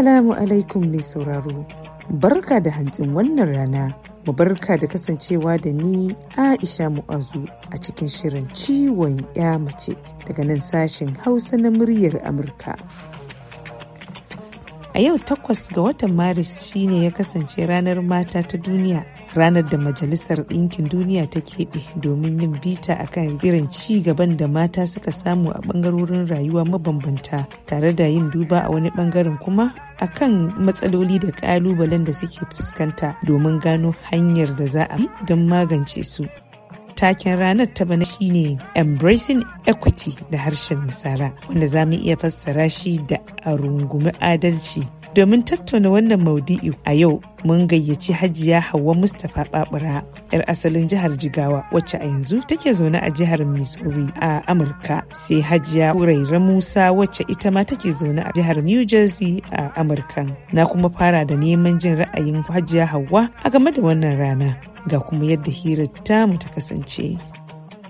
Assalamu alaikum mai sauraro. Barka da hantsin wannan rana. Mu barka da kasancewa da ni Aisha Mu'azu a cikin shirin ciwon ya mace daga nan sashen Hausa na muryar Amurka. A yau takwas ga watan Maris shine ya kasance ranar mata ta duniya ranar da Majalisar Ɗinkin Duniya ta keɓe domin yin bita akan irin ci gaban da mata suka samu a ɓangarorin rayuwa mabambanta tare da yin duba a wani ɓangaren kuma akan matsaloli da ƙalubalen da suke fuskanta domin gano hanyar da za a bi don magance su. taken ranar ta bana shine embracing equity da harshen nasara wanda za mu iya fassara shi da a rungumi adalci domin tattauna wannan maudu'i a yau mun gayyaci hajiya Hauwa Mustapha Babura, 'yar asalin jihar Jigawa wacce a yanzu take zaune a jihar Missouri a Amurka. Sai hajiya Huraira Musa wacce ita ma take zaune a jihar New Jersey a Amurka. Na kuma fara da neman jin ra'ayin hajiya Hauwa a game da wannan rana. Ga kuma yadda hirar tamu ta kasance.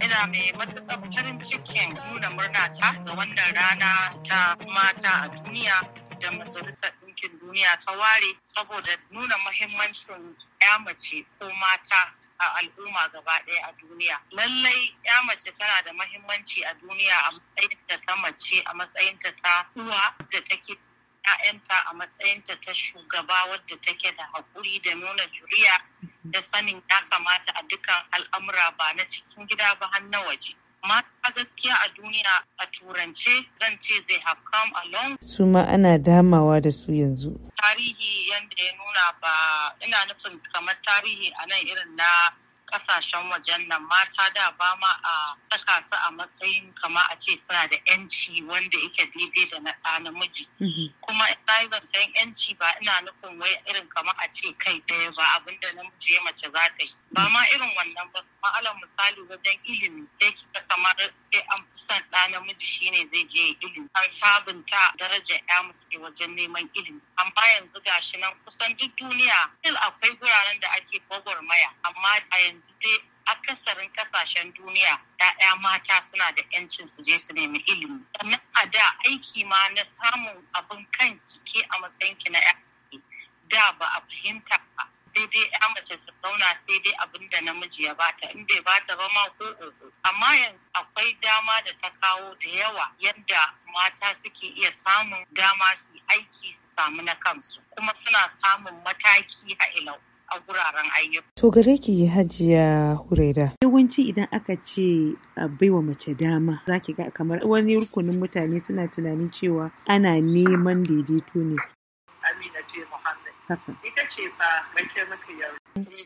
ina mai matuƙar farin cikin nuna murna ta ga wannan rana ta mata a duniya da majalisar ɗinkin duniya ta ware saboda nuna mahimmancin ya mace ko mata a al'umma gaba ɗaya a duniya. Lallai ya mace tana da mahimmanci a duniya a matsayinta ta mace a matsayinta ta uwa da take ‘ya'yanta a matsayinta ta shugaba wadda take da haƙuri da nuna juriya da sanin ya kamata a dukkan al'amura ba na cikin gida ba har na waje. mata gaskiya a duniya a turance zan ce zai have come along. Su ma ana damawa da su yanzu. Tarihi yadda ya nuna ba ina nufin kamar tarihi a nan irin na kasashen wajen nan mata da ba ma a saka su a matsayin kama a ce suna da yanci wanda yake daidai da na ɗa namiji mhm. kuma ina yi zancen yanci ba ina nufin wai irin kama a ce kai ɗaya ba abinda namiji ya mace za ta yi ba ma irin wannan ba kuma alal misali wajen ilimi sai kika kamar sai an fi son ɗa namiji shine zai je ilimi an sabunta darajar ya mace wajen neman ilimi amma yanzu gashi nan kusan duk duniya still akwai guraren da ake gwagwarmaya amma a yanzu yanzu dai akasarin kasashen duniya ‘ya'ya mata suna da ‘yancin su je su nemi ilimi. Sannan a da aiki ma na samun abin kan ke a matsayin na ‘ya'ya da ba a fahimta ba. Sai dai ‘ya mace su zauna sai dai abin da namiji ya bata in bai bata ba ma ko Amma yanzu akwai dama da ta kawo da yawa yadda mata suke iya samun dama su aiki su samu na kansu kuma suna samun mataki a ilau. a guraren ayyuka. To gare ki hajiya Huraira. Yawanci idan aka ce a baiwa mace dama za ki ga kamar wani rukunin mutane suna tunanin cewa ana neman daidaito ne. Amina ce Muhammad. Ita ce fa mace maka yaro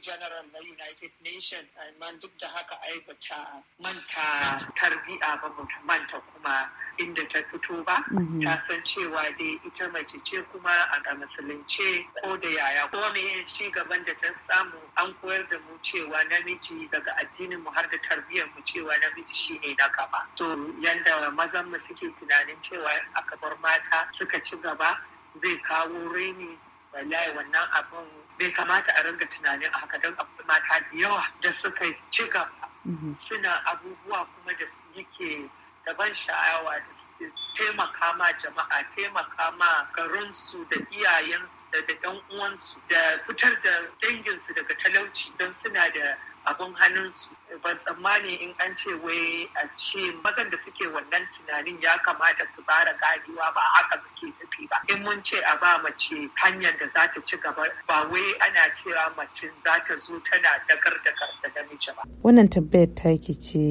general na united nation man duk da haka aibata manta tarbiya ba manta kuma inda ta fito ba mhm. ta san cewa dai ita mace ce kuma a musulunce ko da yaya ko me ci gaban da ta samu an koyar da mu cewa namiji daga addinin mu har da tarbiyyar mu cewa namiji shine na gaba to yanda mazan mu suke tunanin cewa a kabar mata suka ci gaba zai kawo raini wallahi wannan abin bai kamata a ringa tunanin a haka don akwai mata da yawa da suka ci gaba mhm. suna abubuwa kuma da yake ban sha'awa da suke taimaka ma jama'a taimaka ma garinsu da iyayen da ɗan uwansu da fitar da danginsu daga talauci don suna da abin hannunsu ban tsammani in an ce wai a ce mazan da suke wannan tunanin ya kamata su fara ganewa ba haka suke nufi ba in mun ce a ba mace hanyar da za ta ci gaba ba wai ana cewa mace za ta zo tana dakar da karta da miji ba wannan tabbayar ki ce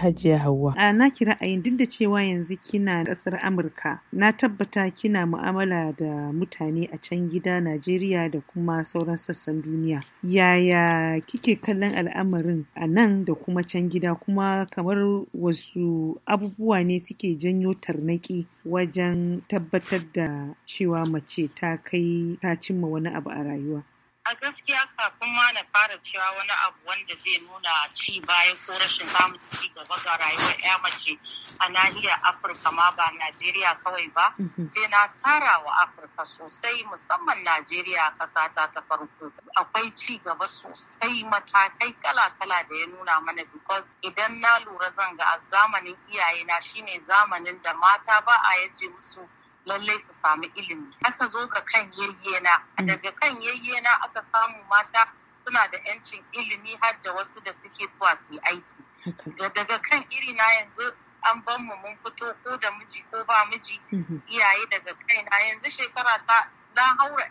Hajiya Hauwa. A na ki ra'ayin duk da cewa yanzu kina ƙasar Amurka, na tabbata kina mu'amala da mutane a can gida Najeriya da kuma sauran sassan duniya. Yaya kike kallon al'amarin a nan can da kuma can gida kuma kamar wasu abubuwa ne suke janyo tarnaki wajen tabbatar da cewa mace ta kai ta cimma wani abu a rayuwa a gaskiya kafin ma na fara cewa wani abu wanda zai nuna ci bayan ko rashin samun ci gaba ga rayuwar ya mace a nahiyar afirka ma ba najeriya kawai ba mhm. sai na sara wa afirka sosai musamman najeriya kasa ta ta farko akwai ci gaba sosai matakai kala-kala da ya nuna mana because idan na lura zan ga a zamanin iyayena shine zamanin da mata ba a yaje musu lallai su samu ilimi aka zo ga kan yayyena mm. daga kan yayyena aka samu mata suna da yancin ilimi har da wasu da suke zuwa su aiki daga kan iri na yanzu an ban mu mun fito ko da miji ko ba miji mm-hmm. iyaye daga kaina yanzu shekara ta na haura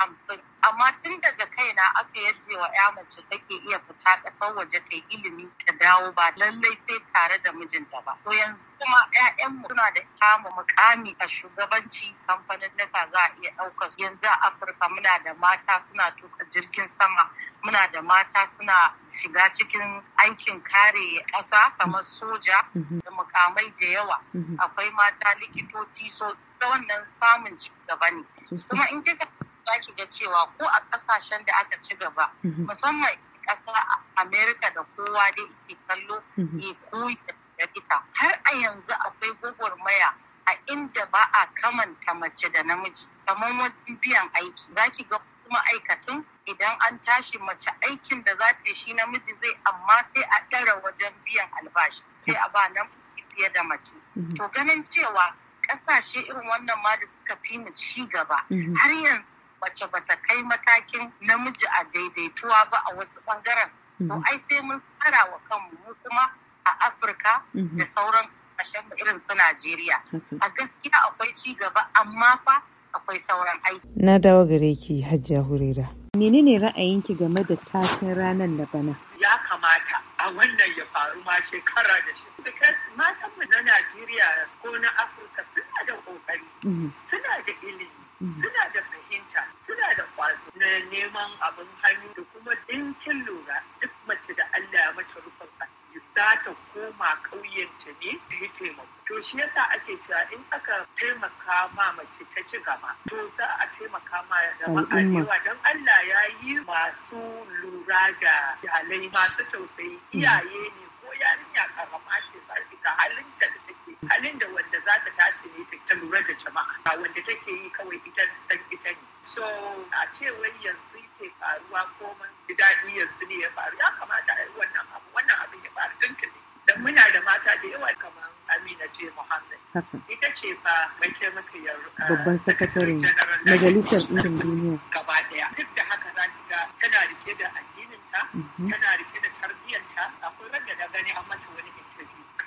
hamsin amma tun daga kaina aka yadda wa ya mace take iya fita kasar waje ta yi ilimi ta dawo ba lallai sai tare da mijinta ba to yanzu kuma ƴaƴanmu suna da kama mukami a shugabanci kamfanin nasa za a iya ɗauka yanzu a afirka muna da mata suna tuka jirgin sama muna da mata suna shiga cikin aikin kare ƙasa kamar soja mm-hmm. da mukamai da yawa mm-hmm. akwai mata likitoci so ta wannan samun ci gaba ne kuma in kika za ki ga cewa ko a kasashen da aka ci gaba mhm. musamman ƙasar amerika da kowa da ke kallo mhm. eh, ya ko da ita har a yanzu akwai gwagwarmaya a inda ba a kamanta mace da namiji kamar wajen biyan aiki za ki ga aikatun idan an tashi mace aikin da za ta shi namiji zai amma sai a ɗara wajen biyan albashi sai a ba nan fiye da mace mhm. to ganin cewa ƙasashe irin wannan ma da suka fi mu ci gaba har yanzu mace ba ta kai matakin namiji a daidaituwa ba a wasu bangaren to mhm. ai sai mun tsara wa kanmu mu kuma a afirka mhm. da sauran kasashen irin su najeriya a gaskiya akwai ci gaba amma fa akwai sauran aiki na dawo gare ki hajiya hurera menene ra'ayinki game da tasin ranar da bana ya kamata a wannan ya faru ma shekara da shekara matan na najeriya ko na afirka suna da kokari mhm. suna da ilimi Mm-hmm. suna da fahimta suna da kwazo na neman abin hannu da kuma dinkin lura duk mace da Allah ya mace rufin ka za ta koma ƙauyenta ne ta yi taimako to shi yasa ake cewa in aka taimaka ma mace ta ci gaba to za a taimaka ma da don Allah ya yi masu lura da jalai masu tausayi mm-hmm. iyaye ne ta lura da jama'a wanda take yi kawai ita san ita ne so a ce wai yanzu ke faruwa ko man ji daɗi yanzu ne ya faru ya kamata a yi wannan abu wannan abin ya faru tuntuni dan muna da mata da yawa kamar Amina J. Muhammad ita ce fa mai taimakiyar uh, babban sakatare majalisar ɗinkin duniya gaba ɗaya duk da haka za ki ga tana rike da addininta mhm. tana rike da ta akwai rage da gani a mata wani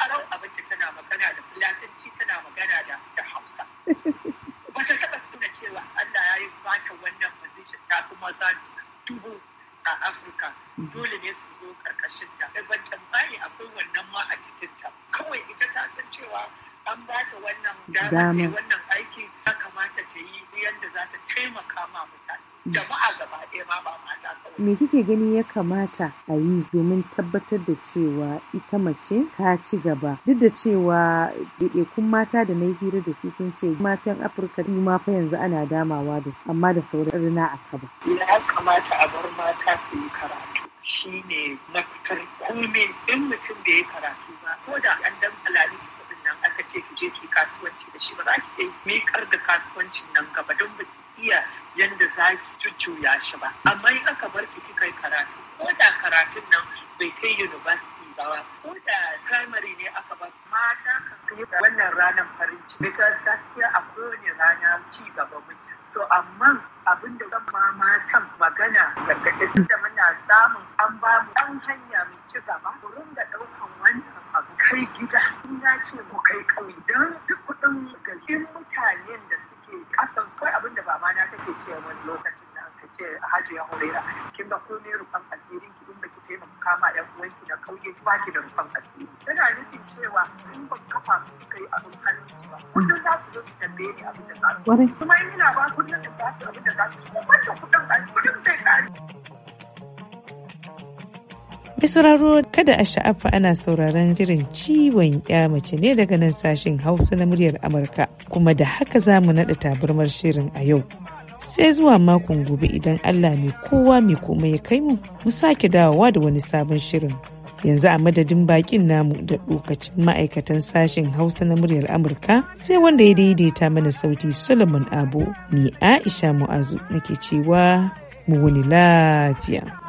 karau abinci tana magana da fulatanci tana magana da da hausa wata taɓa tuna cewa allah ya yi fata wannan position ta kuma za dubu a afirka dole ne su zo karkashin ta ban tambaye akwai wannan ma a cikin kawai ita ta san cewa an ba ta wannan dama wannan aiki ya kamata ta yi yadda za ta taimaka ma mutane jama'a gaba ɗaya ma ba mata kawai. Me kike gani ya kamata a yi domin tabbatar da cewa ita mace ta ci gaba duk da cewa ɗaiɗaikun mata da na yi hira da su sun ce matan Afirka su ma fa yanzu ana damawa da su amma da sauran rina a kaba. Ya kamata a bar mata su yi karatu. Shi ne na fitar komai in mutum da ya karatu ba ko da an dan alali kuɗin nan aka ce ki je ki kasuwanci da shi ba za ki miƙar da kasuwancin nan gaba don ba iya za ki cuccuya shi ba amma in aka bar ki kika karatu ko da karatun nan bai kai university ba ko da primary ne aka ba mata kan yi wannan ranar farin ciki because gaskiya a kowane rana ci gaba muke to amma abin da zan ma matan magana gargaɗi da muna samun an ba mu ɗan hanya mu ci gaba mu ringa ɗaukan wannan abu kai gida in ya ce mu kai ƙauye don duk kuɗin lokacin da aka ce hajiya huraira kin ga ko ne rufan asirin ki in baki taimaka ma yan uwanki da kauye ba ki da rufan asirin. tana nufin cewa in ban kafa su suka yi abin hannun ba kullum za su zo su tambaye ni abin da za su kuma in ina ba kullum da za su abin da za su kuma wancan kudin ba kudin zai ƙare. Mai sauraro kada a sha'afa ana sauraron zirin ciwon ya mace ne daga nan sashen Hausa na muryar Amurka kuma da haka za mu naɗa tabarmar shirin a yau. sai zuwa makon gobe idan Allah ne kowa mai komai ya kai mu mu sake dawowa da wani sabon shirin yanzu a madadin bakin namu da lokacin ma'aikatan sashen hausa na muryar amurka sai wanda ya daidaita mana sauti solomon abu ni aisha mu'azu nake cewa mu wani lafiya